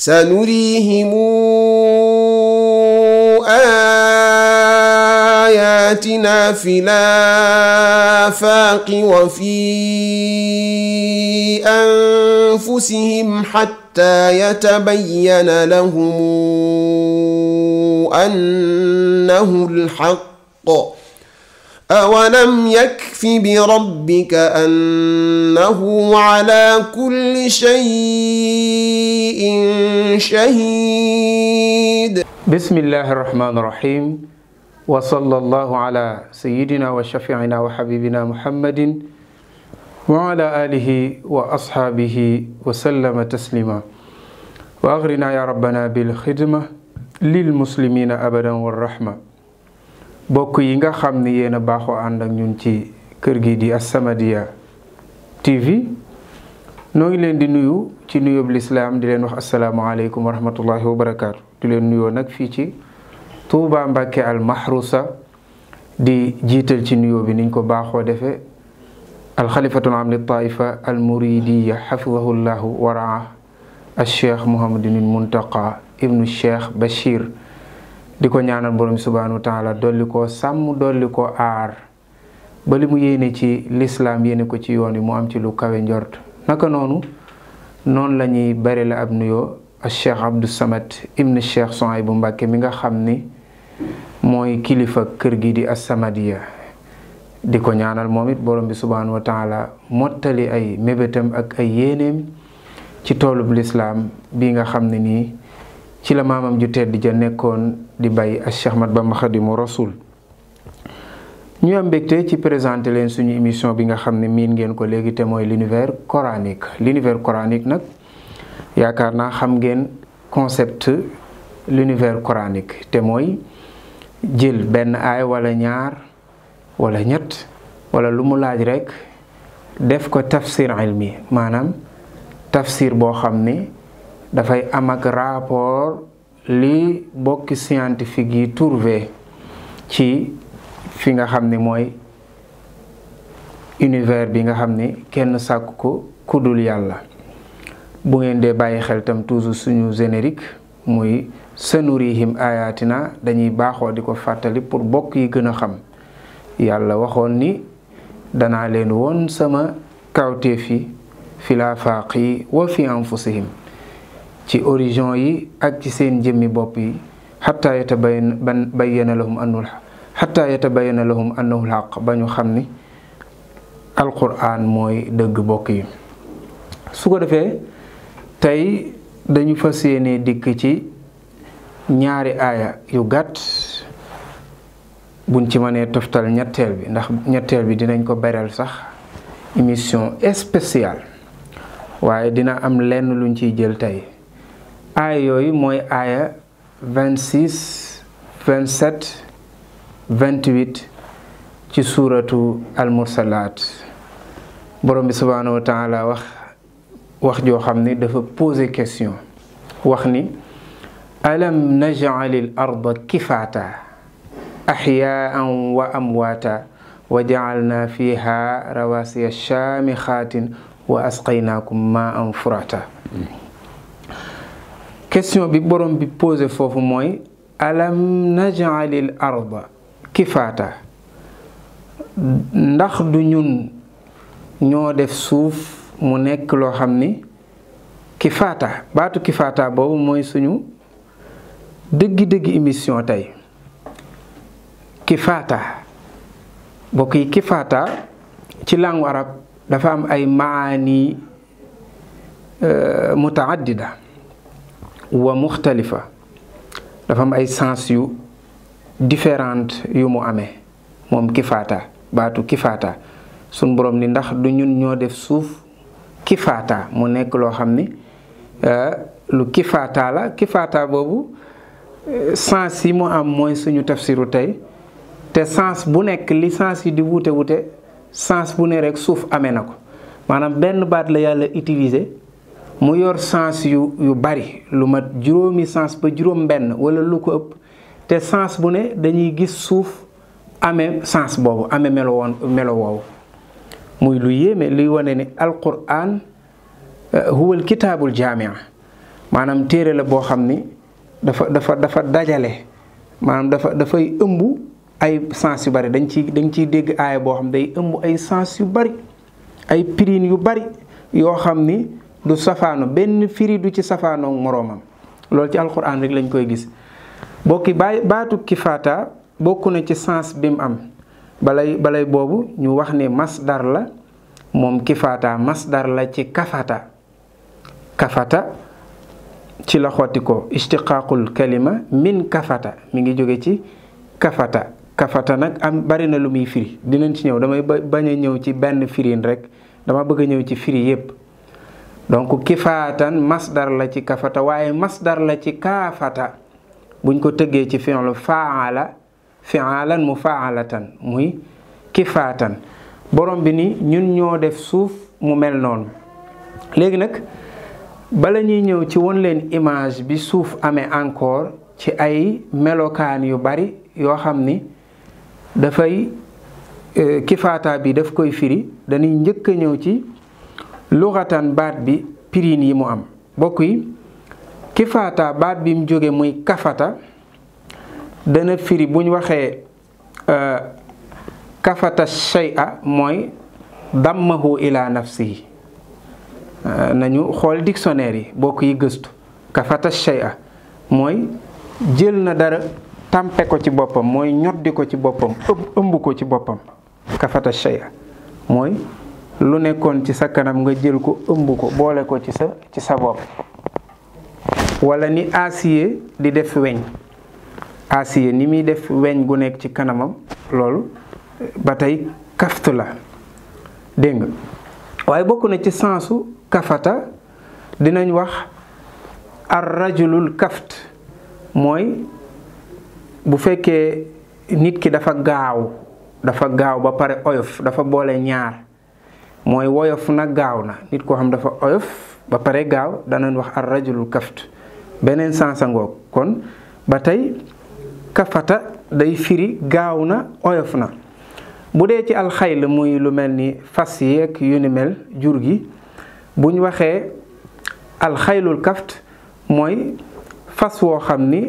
سنريهم آياتنا في الآفاق وفي أنفسهم حتى يتبين لهم أنه الحق أولم يكف بربك أنه على كل شيء شهيد بسم الله الرحمن الرحيم وصلى الله على سيدنا وشفيعنا وحبيبنا محمد وعلى آله وأصحابه وسلم تسليما وأغرنا يا ربنا بالخدمة للمسلمين أبدا والرحمة bokk yi nga xam ni yéen a baaxoo ànd ak ñun ci kër gi di As-Samadiyya TV noo ngi leen di nuyu ci nuyoob lislaam di leen wax asalaamaaleykum wa rahmatullahi wa di leen nuyoo nag fii ci Touba Mbacke al Mahrousa di jiital ci nuyoo bi niñ ko baaxoo defee alxalifatul am li taifa al muridiya xafidahullahu waraa al cheikh Mouhamadinil Muntaqa ibnu cheikh Bachir di ko ñaanal borom subhaanahu wa la dolli koo sàmm dolli ko aar ba li yéene ci lislaam yéene ko ci yoon wi mu am ci lu kawe njort naka noonu noonu la ñuy bari la ab nuyo ak cheikh Abdou Samad ibn cheikh Souhaïbou Mbacké mi nga xam ni mooy kilifa kër gi di As-Samadiyya di ko ñaanal moom it borom bi subhaanahu wa la mottali ay mébétam ak ay yéeneem ci toolub lislaam bi nga xam ne nii ci la maamam ju tedd ja nekkoon di bay ak Cheikh Ahmad Bamba Xadimu Rasul ñu am mbégte ci présenté leen suñu émission bi nga xam ne miin ngeen ko léegi te mooy l'univers coranique l'univers coranique nag yaakaar na xam ngeen concept l'univers coranique te mooy jël benn aay wala ñaar wala ñett wala lu mu laaj rekk def ko tafsir ilmi maanaam tafsir boo xam ne dafay am rapport li bokki scientifique yi trouvé ci fi nga xam ni mooy univers bi nga xam ni kenn sàkk ko kudul yàlla bu ngeen dee bàyyi xel tam toujours suñu générique muy sanurihim ayatina dañuy baaxoo di ko fàttali pour bokk yi gën a xam yàlla waxoon ni danaa leen woon sama kawteef fi fi laafaaq yi wa fi anfusihim ci origine yi ak ci seen jëmmi bopp yi xataa yatabayyana lahum annul xataa yatabayyana lahum annahul xaq ba ñu xam ni alquran mooy dëgg bokk yi su ko defee tey dañu fa yéene dikk ci ñaari aaya yu gàtt buñ ci mënee toftal ñetteel bi ndax ñetteel bi dinañ ko bereel sax émission spéciale waaye dina am lenn luñ ciy jël tey aaya yooyu mooy aya vingt six vingt sept vingt huit suuratu almursalaat borom bi subhaanahu wax wax joo xam ni dafa poser question wax ni alam najalil arda kifaata axyaan wa amwaata wa jacalna fiha rawasiya shaamixaatin wa asqaynaakum maa an question bi borom bi posé foofu mooy alam najalil arda kifaata ndax du ñun ñoo def suuf mu nekk loo xam ni kifaata baatu kifaata boobu mooy suñu dëgg-dëgg émission tey kifaata bokk yi kifaata ci langue arab dafa am ay maani euh, mutaaddida wa muxtalifa dafa am ay sens yu différente yu mu amee moom ki faata baatu ki faata suñ borom ni ndax du ñun ñoo def suuf ki faata mu nekk loo xam ni euh, lu kifaata la faata boobu euh, sens yi mu am mooy suñu tafsiru tey te sens bu nekk li sens yi di wuute wute sens bu ne suuf amee na ko maanaam benn baat la yàlla utiliser mu yor sens yu yu bari lu mat juróomi sens ba juróom benn wala lu ko ëpp te sens bu ne dañuy gis suuf amee sens boobu amee melo woon muy lu yéeme luy wane ne alquran eh, huwal kitaabul jaamia maanaam téere la boo xam ni dafa dafa dafa dajale maanaam dafa dafay ëmb ay sens yu bari dañ ci dañ ciy dégg aaya boo xam day ëmb ay sens yu bari ay pirin yu bari yoo xam ni du safaano benn firi du ci safaanoo moroomam loolu ci alxuraan rek lañ koy gis bokki baay baatu kifaata bokk na ci sens bi mu am balay boobu ñu wax ni masdar la moom kifaata masdar la ci kafata kafata ci la xotti ko istiqaaqul kalima min kafata mi ngi jóge ci kafata kafata nag am bari na lu muy firi dinañ ci ñëw damay bañ a ñëw ci benn firiin rek dama bëgg a ñëw ci firi yépp donc kifaatan masdar la ci kafata waaye masdar la ci kaafata buñ ko tëggee ci fi'lu faala fi'alan mu faala tan muy kifaatan borom bi ni ñun ñoo def suuf mu mel noonu léegi nag bala ñuy ñëw ci won leen image bi suuf amee encore ci ay melokaan yu bari yoo xam ni dafay euh, kifaata bi daf koy firi dañuy njëkk a ñëw ci luxatan baat bi pirin yi mu am bokk yi kifaata baat bi mu jóge muy kafata dana firi buñ waxee euh, kafata shay'a mooy dammahu ila nafsihi euh, nañu xool dictionnaire yi bokk yi gëstu kafata shay'a mooy jël na dara tampe ko ci boppam mooy ñoddi ko ci boppam ëmb ko ci boppam kafata shay'a mooy lu nekkoon ci sa kanam nga jël ko ëmb ko boole ko ci sa ci sa bopp wala ni acier di def weñ acier ni muy def weñ gu nekk ci kanamam loolu ba tey kaft la dégg waaye bokk na ci sensu kafata dinañ wax ar rajulul kaft mooy bu fekkee nit ki dafa gaaw dafa gaaw ba pare oyof dafa boole ñaar mooy woyof na gaaw na nit koo xam dafa oyof ba pare gaaw danañ wax ar rajulul kaft beneen sansangoog kon ba tey kafata day firi gaaw na oyof na bu dee ci alxayl muy lu mel ni fas yeeg yu ni mel jur gi buñ waxee alxaylul kaft mooy fas woo xam ni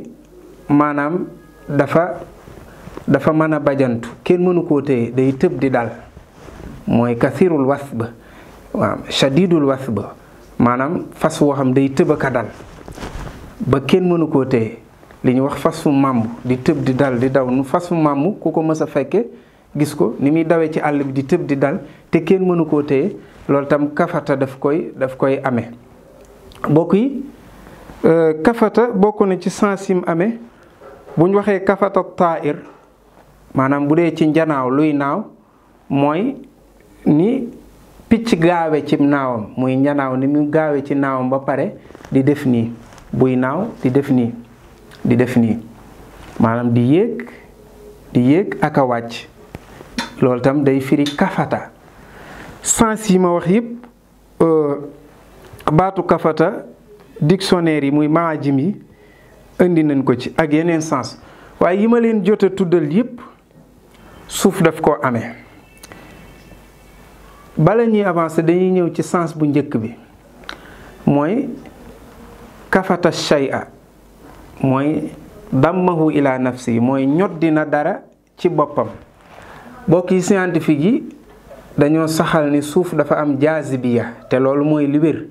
maanaam dafa dafa mën a bajantu kenn mënu koo téye day tëb di daal mooy kasirul was ba waaw shadidul was ba maanaam fas woo xam day tëb dal ba kenn mënu koo téye li ñuy wax fasu màmb di tëb di dal di daw nu fasu màmb ku ko mës a fekke gis ko ni muy dawee ci àll bi di tëb di dal te kenn mënu koo téye loolu tam kafata daf koy daf koy amee bokk yi euh, kafata bokk na ci sens yim amee bu waxee kafata taair maanaam bu dee ci njanaaw luy naaw mooy ni picc gaawe ci naawam muy ñanaaw ni mu gaawe ci naawam ba pare di def nii buy naaw di def nii di def nii maanaam di yéeg di yéeg ak a wàcc loolu tam day firi kafata sens yi ma wax yëpp euh, baatu kafata dictionnaire yi muy maajim yi indi nañ ko ci ak yeneen sens waaye yi ma leen jota tuddal yëpp suuf daf koo amee bala ñuy avancer dañuy ñëw ci sens bu njëkk bi mooy kafata shay'a mooy dammahu ila nafsi mooy ñoddi na dara ci boppam bokk yi scientifique yi dañoo saxal ni suuf dafa am jazibiya te loolu mooy li wér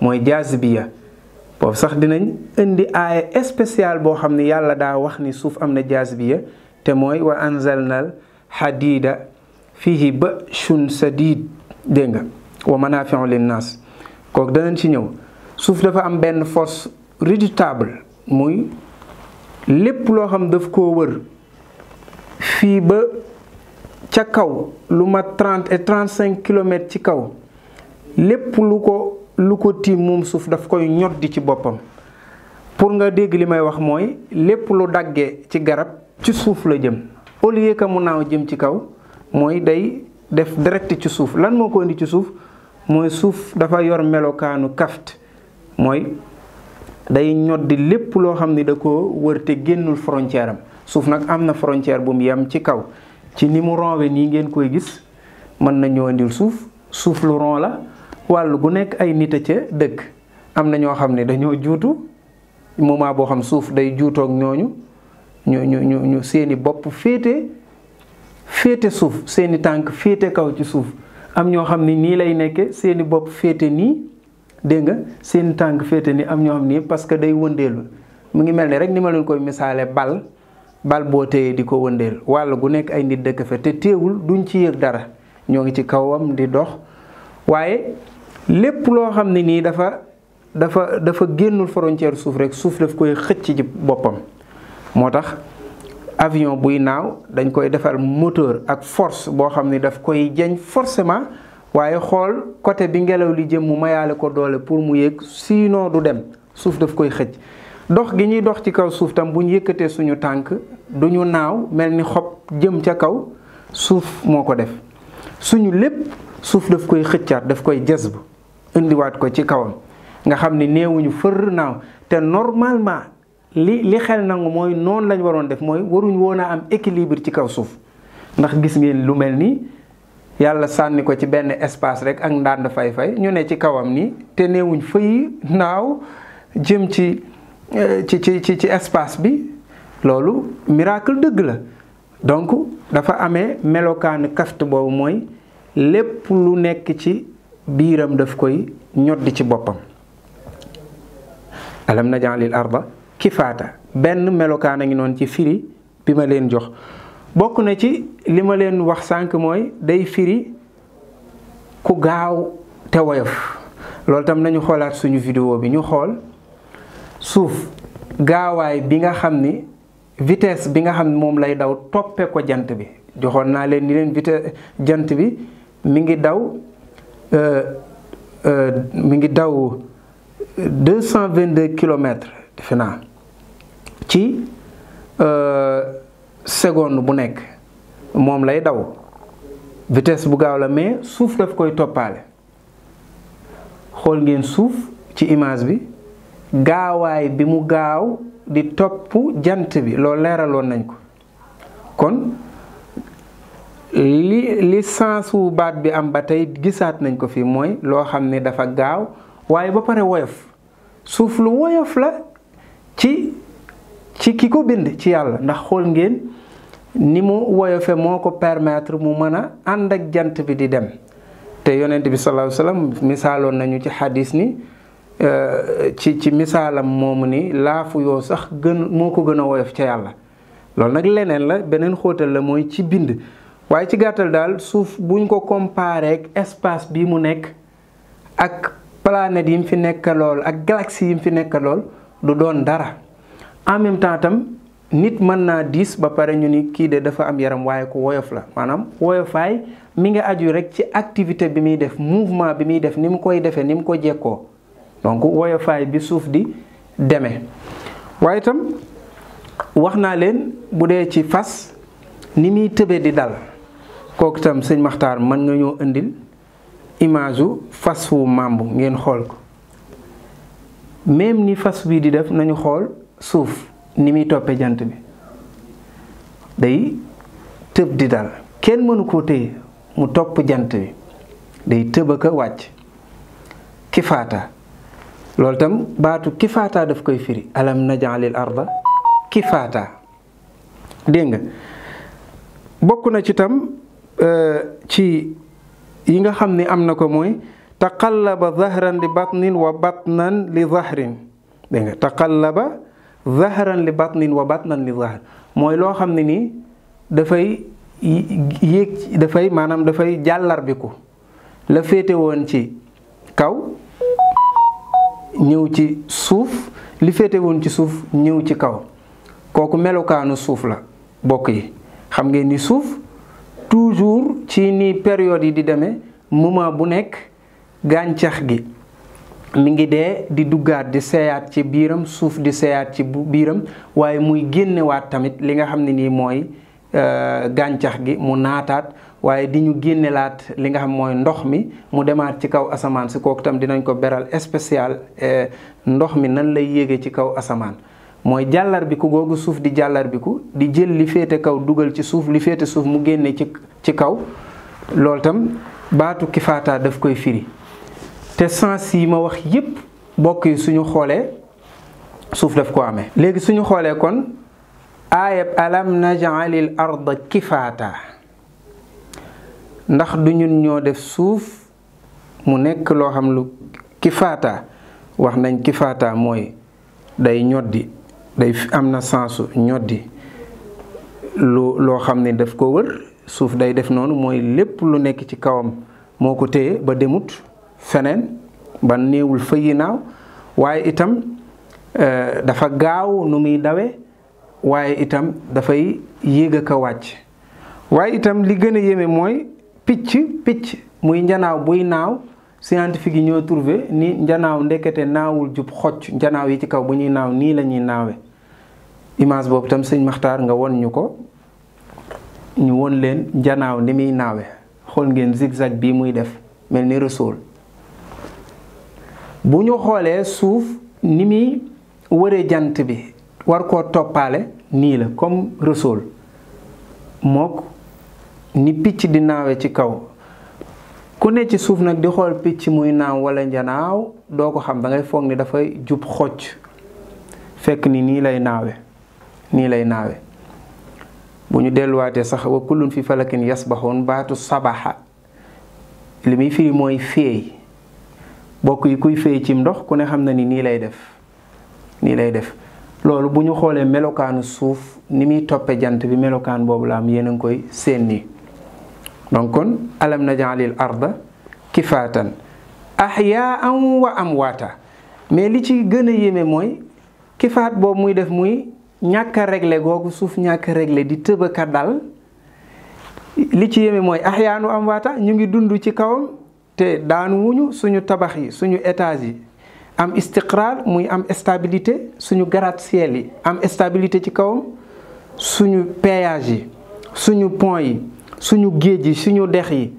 mooy jazibiya boobu sax dinañ indi aaya spécial boo xam ne yàlla daa wax ni suuf am na jazibiya te mooy wa anzalnal hadida fihi ba'sun sadid dégg nga wa manafi'u linnas kook danañ ci ñëw suuf dafa am benn force rédutable muy lépp loo xam daf koo wër fii ba ca kaw lu ma trente et cinq kilomètres ci kaw lépp lu ko lu ko tiim moom suuf daf koy di ci boppam pour nga dégg li may wax mooy lépp lu dagge ci garab ci suuf la jëm au lieu que mu naaw jëm ci kaw mooy day def direct ci suuf lan moo ko indi ci suuf mooy suuf dafa yor melokaanu kaft mooy day ñoddi lépp loo xam ni da ko wërte génnul frontière am suuf nag am na frontière bu mu yem ci kaw ci ni mu ronwe nii ngeen koy gis mën na ñoo suuf suuf lu ron la wàll gu nekk ay nit a ca dëkk am na ñoo xam ne dañoo juutu moment boo xam suuf day juutook ñooñu ñu ñu ñu ñu seeni bopp féete féete suuf seeni tànk féete kaw ci suuf am ñoo xam ni nii lay nekke seeni bopp féete nii dégg nga seeni tànk féete nii am ñoo xam nii parce que day wëndeelu mu ngi mel ni rek ni ma leen koy misaale bal bal boo téyee di ko wëndeel wàll gu nekk ay nit dëkk fa te téewul duñ ci yëg dara ñoo ngi ci kawam di dox waaye lépp loo xam ne nii dafa dafa dafa génnul frontière suuf rek suuf daf koy xëcc ci boppam moo tax avion buy naaw dañ koy defal moteur ak force boo xam ni daf koy jeñ forcement waaye xool côté bi ngelaw li jëm mu mayaale ko doole pour mu yéeg sinon du dem suuf daf koy xëcc dox gi ñuy dox ci kaw suuf tam bu ñu yëkkatee suñu tànk du ñu naaw mel ni xob jëm ca kaw suuf moo ko def suñu lépp suuf daf koy xëccaat daf koy jazb indiwaat ko ci kawam nga xam ni néewuñu fër naaw te normalement li li xel nangu mooy noonu lañ waroon def mooy waruñ woon a am équilibre ci kaw suuf ndax gis ngeen lu mel ni yàlla sànni ko ci benn espace rek ak ndànd fay-fay ñu ne ci kawam ni te neewuñ fay naaw jëm ci eh, ci ci ci ci espace bi loolu miracle dëgg la donc dafa amee melokaanu kaft boobu mooy lépp lu nekk ci biiram daf koy ñoddi ci boppam alam naj'alil arda kifaata benn melokaan a ngi noonu ci firi bi ma leen jox bokk na ci li ma leen wax sànq mooy day firi ku gaaw te woyof loolu tam nañu xoolaat suñu vidéo bi ñu xool suuf gaawaay bi nga xam ni vitesse bi nga xam ni moom lay daw toppe ko jant bi joxoon naa leen ni leen vitesse jant bi mi ngi daw euh, euh, mu ngi daw deux cent vingt-deux kilomètres defe ci euh, seconde bu nekk moom lay daw vitesse bu gaaw la mais suuf daf koy toppaale xool ngeen suuf ci image bi gaawaay bi mu gaaw di topp jant bi loolu leeraloon nañ ko kon li li sensu baat bi am ba tey gisaat nañ ko fi mooy loo xam ne dafa gaaw waaye ba pare woyof suuf lu woyof la ci ci ki ko bind ci yàlla ndax xool ngeen ni mu woyofe moo ko permettre mu mën a ànd ak jant bi di dem te yonent bi sallallahu alayhi wasallam misaaloon nañu ci xadis ni euh, ci ci misaalam moomu ni laafuyoo sax gën moo ko gën a woyof ca yàlla loolu nag leneen la beneen xóotal la mooy ci bind waaye ci gàttal daal suuf buñ ko comparé ak espace bi mu nekk ak planète yi mu fi nekk lool ak galaxie yi mu fi nekk lool du doon dara en même temps tam nit mën naa diis ba pare ñu ni kii de dafa am yaram waaye ko woyof la maanaam woyofaay mi ngi aju rek ci activité bi muy def mouvement bi muy def ni mu koy defee ni mu ko jekkoo donc woyofaay bi suuf di demee waaye wax naa leen bu dee ci fas ni muy tëbee di dal kook itam sëñ Maxtaar mën nga ñoo indil image u fas wu màmbu ngeen xool ko même ni fas bii di def nañu xool suuf ni muy toppee jant bi day tëb di dal kenn mënu koo téye mu topp jant bi day tëb ak a wàcc kifaata loolu tam baatu ki faata daf koy firi alam najalil arda kifaata faata nga bokk na ci tam euh, ci yi nga xam ni am na ko mooy taqallaba zahran li batnin wa batnan li zahrin dégg nga taqallaba zahran li batnin wa batnan li zahr mooy loo xam ne nii dafay yéeg dafay maanaam dafay jàllarbiku la féete woon ci kaw ñëw ci suuf li féete woon ci suuf ñëw ci kaw kooku melokaanu suuf la bokk yi xam ngeen ni suuf toujours ci ni période yi di demee moment bu nekk gàncax gi mi ngi dee di duggaat di seyaat ci biiram suuf di seyaat ci biiram waaye muy génnewaat tamit li nga xam ne nii mooy euh, gàncax gi mu naataat waaye di ñu génnelaat li nga xam mooy ndox mi mu demaat ci kaw asamaan si kook tam dinañ ko beral spécial euh, ndox mi nan lay yéege ci kaw asamaan mooy jàllarbiku googu suuf di jàllarbiku di jël li féete kaw dugal ci suuf li féete suuf mu génne ci ci kaw loolu tam baatu faata daf koy firi te sens yi ma wax yépp bokk yi suñu xoolee suuf daf ko amee léegi suñu xoolee kon aayab alam najalil arda kifaata ndax du ñun ñoo def suuf mu nekk loo xam lu kifaata wax nañ kifaata mooy day ñoddi day am na sensu ñoddi lu loo xam ne daf ko wër suuf day def noonu mooy lépp lu nekk ci kawam moo ko téye ba demut feneen ba néewul fa yi naaw waaye itam eh, dafa gaaw nu muy dawe waaye itam dafay yéeg a wàcc waaye itam li gën a yéeme mooy picc picc muy njanaaw buy naaw scientifique yi ñoo trouvé ni njanaaw ndekete naawul jub xocc njanaaw yi ci kaw bu ñuy naaw nii la ñuy naawe image boobu itam sëñ Maxtaar nga won ñu ko ñu won leen njanaaw ni muy naawe xool ngeen zigzag bi muy def mel ni resol bu ñu xoolee suuf ni muy wëree jant bi war koo toppale nii la comme rësool mook ni picc di naawe ci kaw ku ne ci suuf nag di xool picc muy naaw wala njanaaw doo ko xam dangay ngay foog ni dafay jub xocc fekk ni nii lay naawe nii lay naawe bu ñu delluwaatee sax wa kullun fi falakin yasbaxoon baatu sabaxa li muy mooy feey bokk yi kuy fay cim ndox ku ne xam na ni nii lay def nii lay def loolu bu ñu xoolee melokaanu suuf ni muy toppe jant bi melokaan boobu la am yéen a ngi koy seen nii donc kon alam najalil arda kifaatan ahyaan wa waata mais li ci gën a yéeme mooy kifaat boobu muy def muy ñàkk regle googu suuf ñàkk a di tëb dal li ci yéeme mooy ahyaanu amwaata ñu ngi dund ci kawam te daanu wuñu suñu tabax yi suñu étage yi am istiqraar muy am stabilité suñu gratte-ciel yi am stabilité ci kawam suñu péage yi suñu pont yi suñu géej yi suñu dex yi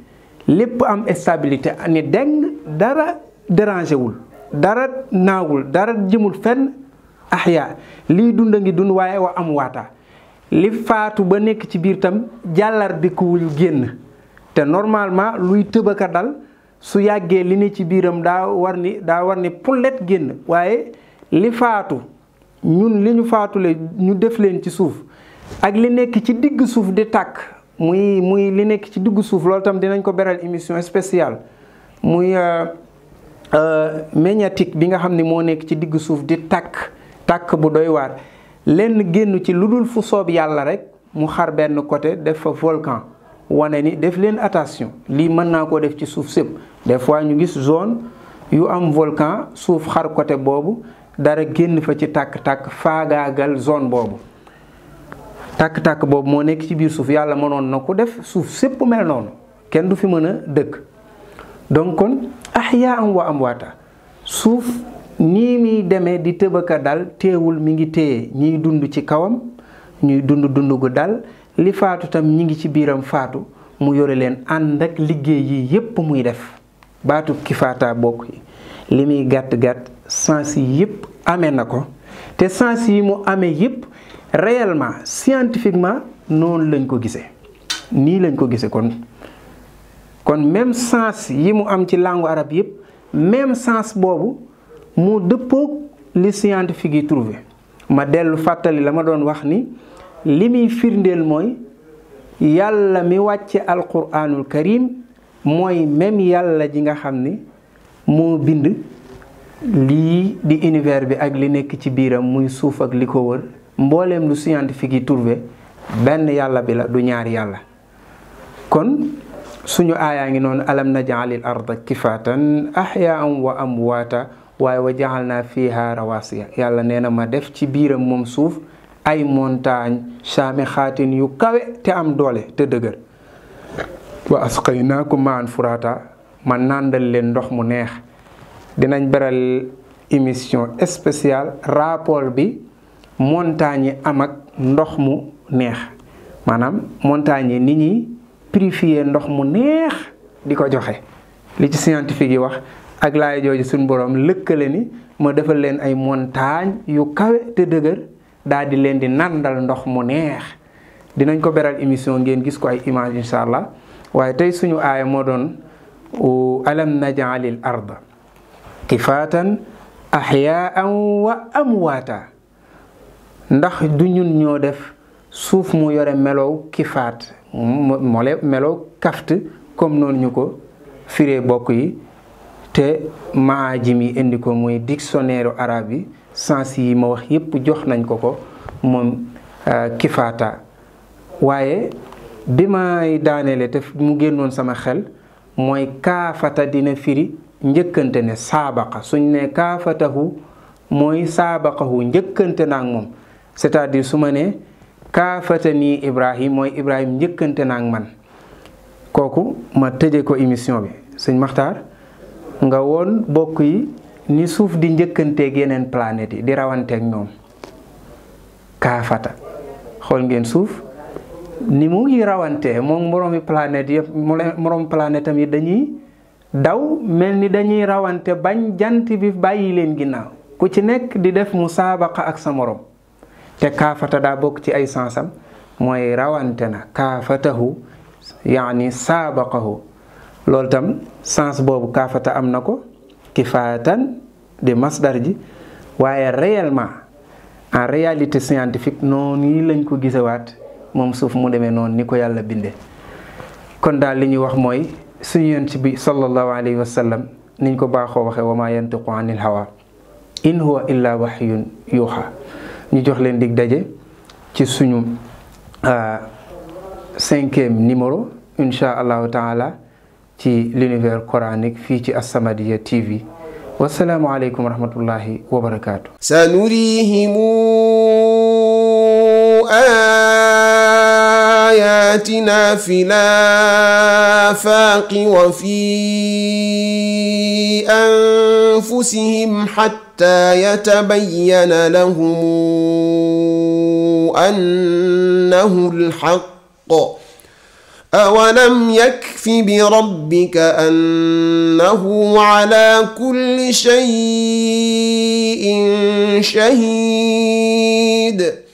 lépp am stabilité ni deng dara dérangé wul dara naawul dara jëmul fenn axya liy dund ngi dund waaye wa am waata li faatu ba nekk ci biir tam jàllar bi génn te normalement luy tëbaka dal su yàggee li ni ci biiram daa war ni daa war ni pullet génn waaye li faatu ñun li ñu faatule ñu def leen ci suuf ak li nekk ci digg suuf di tàkk muy muy li nekk ci diggu suuf loolu tam dinañ ko beral émission spéciale muy euh, euh, médiatique bi nga xam ni moo nekk ci diggu suuf di tàkk tàkk bu doy waar lenn génn ci lu dul fu soob yàlla rek mu xar benn côté def fa volcan wane ni def leen attention lii mën naa koo def ci suuf sëpp des fois ñu gis zone yu am volcan suuf xar côté boobu dara génn fa ci tàkk-tàkk faagaagal zone boobu tàkk-tàkk boobu moo nekk ci biir suuf yàlla mënoon na ko def suuf sëpp mel noonu kenn du fi mën a dëkk donc kon ahyaa am wa am waata suuf nii muy demee di tëbaka dal téewul mi ngi téye ñiy dund ci kawam ñuy dund dund gu dal li faatu tam ñi ngi ci biiram faatu mu yore leen ànd ak liggéey yi yépp muy def baatu ki faata bokk li muy gàtt gàtt sens yi yépp amee na ko te sens yi mu amee yépp réellement scientifiquement noonu lañ ko gisee nii lañ ko gisee kon kon même sens yi mu am ci langue arabe yépp même sens boobu mu dëppoog li scientifique yi trouvé ma dellu fàttali la ma doon wax ni li muy firndeel mooy yàlla mi wàcce alquraanul karim mooy même yàlla ji nga xam ni moo bind lii di univers bi ak li nekk ci biiram muy suuf ak li mboolem wër mbooleem lu scientifique yi trouvé benn yàlla bila du ñaar yàlla kon suñu aayaa ngi noonu alam najalil arda kifaatan ahyaan wa amwaata waaye wa jaxal naa fiiha rawasiya yàlla nee na ma def ci biiram moom suuf ay montagne saami xaatin yu kawe te am doole te dëgër wa asqaynaakum maan furata ma nàndal leen ndox mu neex dinañ beral émission spéciale rapport bi montagne yi am ak ndox mu neex maanaam montagne yi ni ñuy purifier ndox mu neex di ko joxe li ci scientifique yi wax ak laay jooju suñu borom lëkkale ni ma defal leen ay montagne yu kawe te dëgër daal leen di nandal ndox mu neex dinañ ko beral émission ngeen gis ko ay image incha allah waaye tey suñu aaya moo doon alam najalil arda kifaatan ahyaan wa amwaata ndax du ñun ñoo def suuf mu yore melow kifaat mole melow kaft comme noonu ñu ko firee bokk yi te maajim yi indi ko muy dictionnaire arabe yi sens yi ma wax yépp jox nañ ko ko moom euh, kifaata waaye bi may daaneele te mu génnoon sama xel mooy kaafata dina firi njëkkante ne saabaqa suñ ne kaafatahu mooy saabaqahu njëkkante na moom cest à su ma ne kaafata nii ibrahim mooy ibrahim njëkkante na ak man kooku ma tëje ko émission bi sëñ Maxtaar nga woon bokk yi ni suuf di njëkkante geneen planet yi di rawanteek ñoom kaafata xool ngeen suuf ni mu ngi rawantee moom moroomi planète yi dañuy daw mel ni dañuy rawante bañ jant bi bàyyi leen ginnaaw ku ci nekk di def mu musaabaqa ak sa moroom te kaafata daa bokk ci ay sansam mooy rawante na kaafatahu yaani saabaqahu loolu tam sens boobu kaafata am na ko kifaatan di masdar ji waaye réellement en réalité scientifique noonu lañ ko gisewaat moom suuf mu demee noonu ni ko yàlla bindee kon daal li ñuy wax mooy suñu yonent bi sallallahu alayhi wa sallam niñ ko baaxoo waxee wa maa yantiqu anil hawa in huwa illa wahyun yuuxa ñu jox leen dig daje ci suñu ah, cinquième numéro incha allahu taala ci l'univers coranique fii ci As-Samadiyya TV wasalaamu aleykum wa rahmatullahi wa barakaatu. sanurihimu ayatina fil afaaqi wa fi anfusihim حتى يتبين لهم أنه الحق أولم يكف بربك أنه على كل شيء شهيد